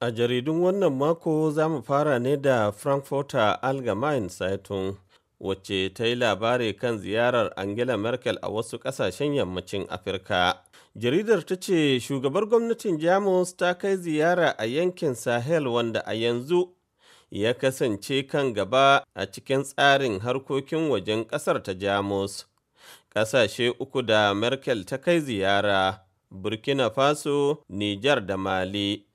A jaridun wannan mako za mu fara ne da Frankfurter Allgemeine Zeitung, wacce ta yi labari kan ziyarar Angela Merkel a wasu ƙasashen yammacin Afirka. Jaridar ta ce shugabar gwamnatin Jamus ta kai ziyara a yankin Sahel wanda a yanzu ya kasance kan gaba a cikin tsarin harkokin wajen ƙasar ta Jamus. Ƙasashe uku da Merkel ta kai ziyara, Burkina Faso, Nijar da Mali.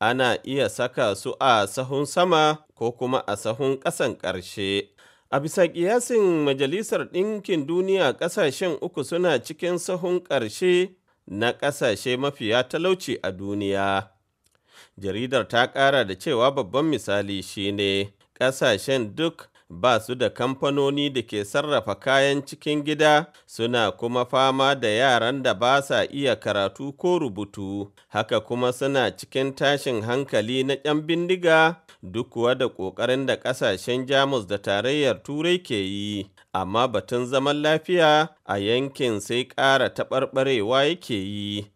ana iya saka su a sahun sama ko kuma a sahun ƙasan ƙarshe. A bisa ƙiyasin Majalisar Ɗinkin Duniya ƙasashen uku suna cikin sahun ƙarshe na ƙasashe mafiya talauci a duniya. Jaridar ta ƙara da cewa babban misali shine ƙasashen duk ba su da kamfanoni da ke sarrafa kayan cikin gida suna kuma fama da yaran da ba sa iya karatu ko rubutu haka kuma suna cikin tashin hankali na 'yan bindiga duk kuwa da ƙoƙarin da ƙasashen jamus da tarayyar turai ke yi amma batun zaman lafiya a yankin sai ƙara taɓarɓarewa yake yi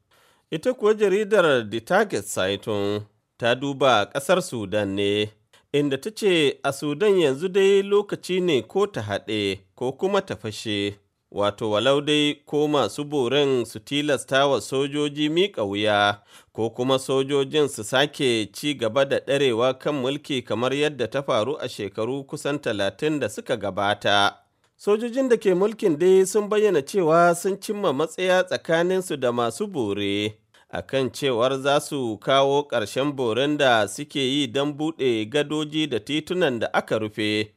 ita kuwa jaridar the target saiton ta duba ƙasar sudan ne inda ta ce a Sudan yanzu dai lokaci ne ko ta haɗe ko kuma ta fashe, wato walau dai ko masu boren su tilasta wa sojoji miƙa wuya ko kuma sojojin su sake ci gaba da ɗarewa kan mulki kamar yadda ta faru a shekaru kusan talatin da suka gabata. Sojojin da ke mulkin dai sun bayyana cewa sun cimma matsaya tsakaninsu da masu bore. Akan cewar za su kawo ƙarshen borin da suke yi don buɗe gadoji da titunan da aka rufe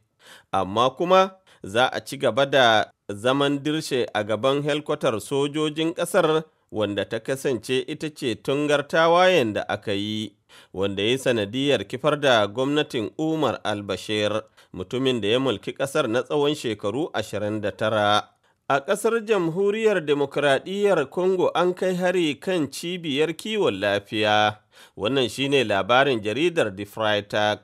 amma kuma za a ci gaba da zaman dirshe a gaban helkwatar sojojin ƙasar wanda ta kasance ita ce tungar tawayen da aka yi wanda ya sanadiyar kifar da gwamnatin umar albashir mutumin da ya mulki ƙasar na tsawon shekaru 29 A ƙasar Jamhuriyar Demokuraɗiyyar Congo an kai hari kan cibiyar kiwon lafiya. Wannan shine labarin jaridar The Freitag.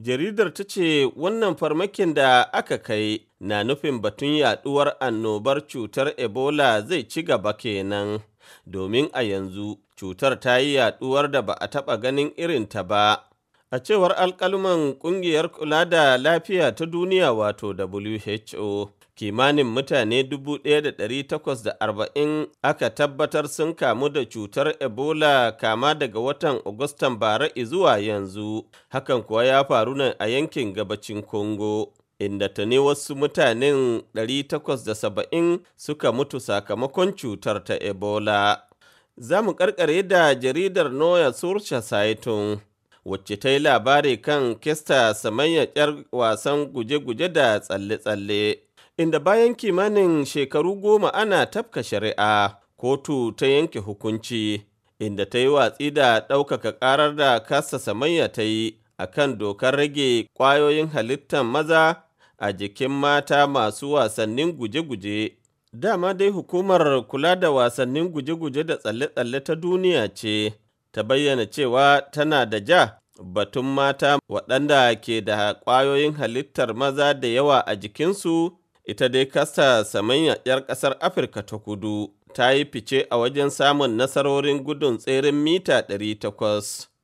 Jaridar ta ce wannan farmakin da aka kai na nufin batun Yaɗuwar annobar cutar Ebola zai ci gaba kenan. Domin a yanzu cutar ta yi yaɗuwar da ba a taɓa ganin irinta ba. A cewar alkalman ƙungiyar kula da lafiya ta duniya wato WHO, kimanin mutane 1,840 aka tabbatar sun kamu da cutar Ebola kama daga watan Agustan bara zuwa yanzu, hakan kuwa ya faru ne a yankin gabacin Congo. Inda ta ne wasu mutanen 870 suka mutu sakamakon cutar ta Ebola. Za mu karkare da jaridar Noya Surcha Saitun. wacce ta yi labari kan kista samanya yar wasan guje-guje da tsalle-tsalle inda bayan kimanin shekaru goma ana tafka shari'a kotu ta yanke hukunci inda ta yi watsi da ɗaukaka ƙarar da kasta samanya ta yi a kan dokar rage ƙwayoyin halittar maza a jikin mata masu wasannin guje-guje dama dai hukumar kula da wasannin guje-guje da tsalle-tsalle ta duniya ce ta bayyana cewa tana da ja batun mata waɗanda ke da ƙwayoyin halittar maza da yawa a jikinsu ita dai kasa samanya 'yar ƙasar afirka ta kudu ta yi fice a wajen samun nasarorin gudun tseren mita 800